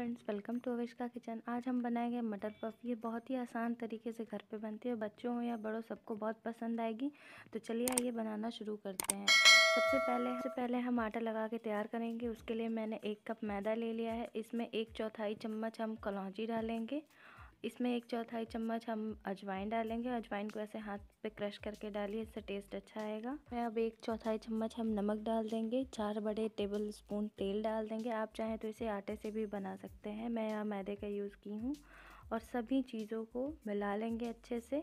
friends welcome to Avishka kitchen आज हम बनाएंगे मटर पफ ये बहुत ही आसान तरीके से घर पे बनती है बच्चों हो या बड़ों सबको बहुत पसंद आएगी तो चलिए आइए बनाना शुरू करते हैं सबसे पहले सबसे पहले हम आटा लगा के तैयार करेंगे उसके लिए मैंने एक कप मैदा ले लिया है इसमें एक चौथाई चम्मच हम कलौजी डालेंगे इसमें एक चौथाई चम्मच हम अजवाइन डालेंगे अजवाइन को ऐसे हाथ पे क्रश करके डालिए इससे टेस्ट अच्छा आएगा मैं अब एक चौथाई चम्मच हम नमक डाल देंगे चार बड़े टेबल स्पून तेल डाल देंगे आप चाहें तो इसे आटे से भी बना सकते हैं मैं यहाँ मैदे का यूज़ की हूँ और सभी चीज़ों को मिला लेंगे अच्छे से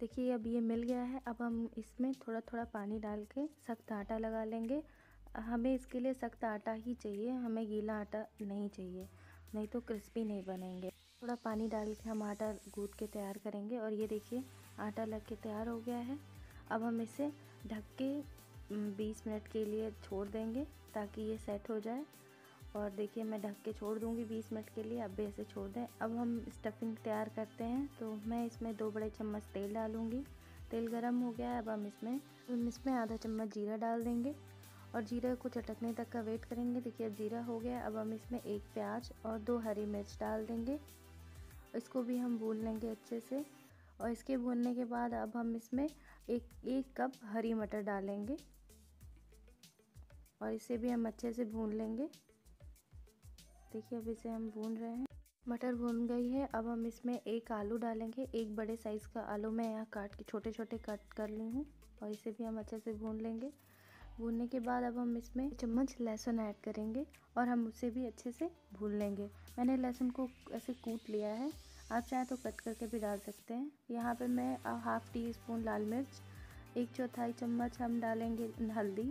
देखिए अब ये मिल गया है अब हम इसमें थोड़ा थोड़ा पानी डाल के सख्त आटा लगा लेंगे हमें इसके लिए सख्त आटा ही चाहिए हमें गीला आटा नहीं चाहिए नहीं तो क्रिस्पी नहीं बनेंगे थोड़ा पानी डाल के हम आटा गूद के तैयार करेंगे और ये देखिए आटा लग के तैयार हो गया है अब हम इसे ढक के 20 मिनट के लिए छोड़ देंगे ताकि ये सेट हो जाए और देखिए मैं ढक के छोड़ दूँगी 20 मिनट के लिए अब भी ऐसे छोड़ दें अब हम स्टफिंग तैयार करते हैं तो मैं इसमें दो बड़े चम्मच तेल डालूँगी तेल गर्म हो गया है अब हम इसमें हम इसमें आधा चम्मच जीरा डाल देंगे और जीरा को चटकने तक का वेट करेंगे देखिए अब जीरा हो गया अब हम इसमें एक प्याज और दो हरी मिर्च डाल देंगे इसको भी हम भून लेंगे अच्छे से और इसके भूनने के बाद अब हम इसमें एक एक कप हरी मटर डालेंगे और इसे भी हम अच्छे से भून लेंगे देखिए अब इसे हम भून रहे हैं मटर भून गई है अब हम इसमें एक आलू डालेंगे एक बड़े साइज़ का आलू मैं यहाँ काट के छोटे छोटे कट कर ली हूँ और इसे भी हम अच्छे से भून लेंगे भूनने के बाद अब हम इसमें चम्मच लहसुन ऐड करेंगे और हम उसे भी अच्छे से भून लेंगे मैंने लहसुन को ऐसे कूट लिया है आप चाहें तो कट करके भी डाल सकते हैं यहाँ पे मैं हाफ़ टी स्पून लाल मिर्च एक चौथाई चम्मच हम डालेंगे हल्दी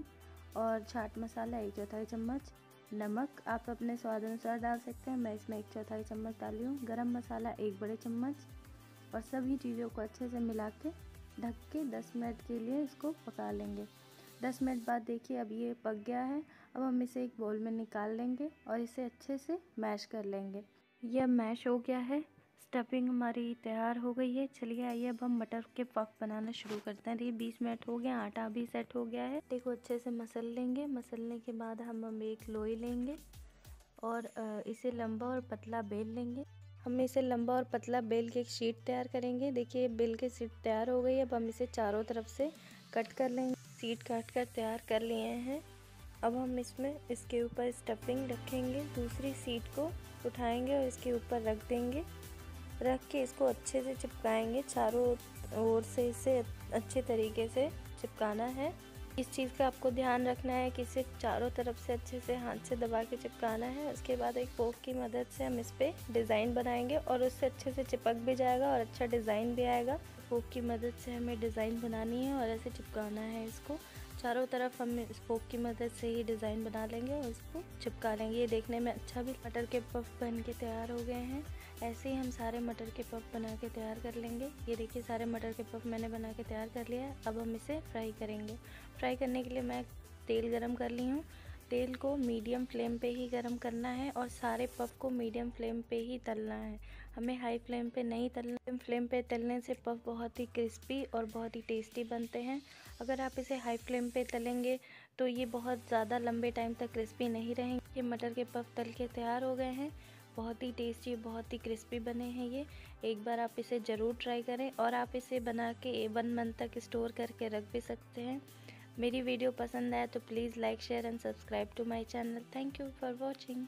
और छाट मसाला एक चौथाई चम्मच नमक आप अपने स्वाद अनुसार डाल सकते हैं मैं इसमें एक चौथाई चम्मच डाली हूँ गरम मसाला एक बड़े चम्मच और सभी चीज़ों को अच्छे से मिला के ढक के 10 मिनट के लिए इसको पका लेंगे दस मिनट बाद देखिए अब ये पक गया है अब हम इसे एक बोल में निकाल लेंगे और इसे अच्छे से मैश कर लेंगे यह मैश हो गया है स्टफिंग हमारी तैयार हो गई है चलिए आइए अब हम मटर के पफ बनाना शुरू करते हैं देखिए बीस मिनट हो गया आटा भी सेट हो गया है देखो अच्छे से मसल लेंगे मसलने के बाद हम हम एक लोई लेंगे और इसे लंबा और पतला बेल लेंगे हम इसे लंबा और पतला बेल के एक शीट तैयार करेंगे देखिए बेल की शीट तैयार हो गई अब हम इसे चारों तरफ से कट कर लेंगे सीट काट कर तैयार कर लिए हैं अब हम इसमें इसके ऊपर स्टफिंग रखेंगे दूसरी सीट को उठाएंगे और इसके ऊपर रख देंगे रख के इसको अच्छे से चिपकाएंगे चारों ओर से इसे अच्छे तरीके से चिपकाना है इस चीज़ का आपको ध्यान रखना है कि इसे चारों तरफ से अच्छे से हाथ से दबा के चिपकाना है उसके बाद एक पोक की मदद से हम इस पर डिज़ाइन बनाएंगे और उससे अच्छे से चिपक भी जाएगा और अच्छा डिज़ाइन भी आएगा स्पोक की मदद से हमें डिज़ाइन बनानी है और ऐसे चिपकाना है इसको चारों तरफ हम स्पोक की मदद से ही डिज़ाइन बना लेंगे और इसको चिपका लेंगे ये देखने में अच्छा भी मटर के पफ बन के तैयार हो गए हैं ऐसे ही हम सारे मटर के पफ बना के तैयार कर लेंगे ये देखिए सारे मटर के पफ मैंने बना के तैयार कर लिया है अब हम इसे फ्राई करेंगे फ्राई करने के लिए मैं तेल गरम कर ली हूँ तेल को मीडियम फ्लेम पे ही गरम करना है और सारे पफ को मीडियम फ्लेम पे ही तलना है हमें हाई फ्लेम पे नहीं तलना मीडियम फ्लेम पे तलने से पफ बहुत ही क्रिस्पी और बहुत ही टेस्टी बनते हैं अगर आप इसे हाई फ्लेम पे तलेंगे तो ये बहुत ज़्यादा लंबे टाइम तक क्रिस्पी नहीं रहेंगे ये मटर के पफ तल के तैयार हो गए हैं बहुत ही टेस्टी बहुत ही क्रिस्पी बने हैं ये एक बार आप इसे ज़रूर ट्राई करें और आप इसे बना के वन मंथ तक स्टोर करके रख भी सकते हैं मेरी वीडियो पसंद आया तो please like share and subscribe to my channel thank you for watching